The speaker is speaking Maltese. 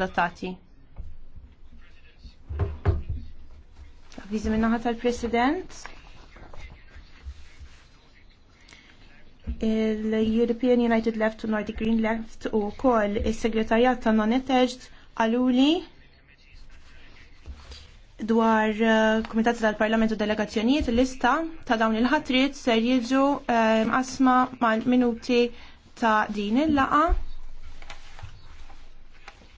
adottati. Avviżi minnaħa tal-President. il-European United Left u Nordic Green Left u kol il-segretarjat ta' non-attached għaluli dwar uh, Komitat tal-Parlament u Delegazzjonijiet lista ta' dawn il-ħatrit ser jiġu uh, asma mal-minuti ta' din il-laqa.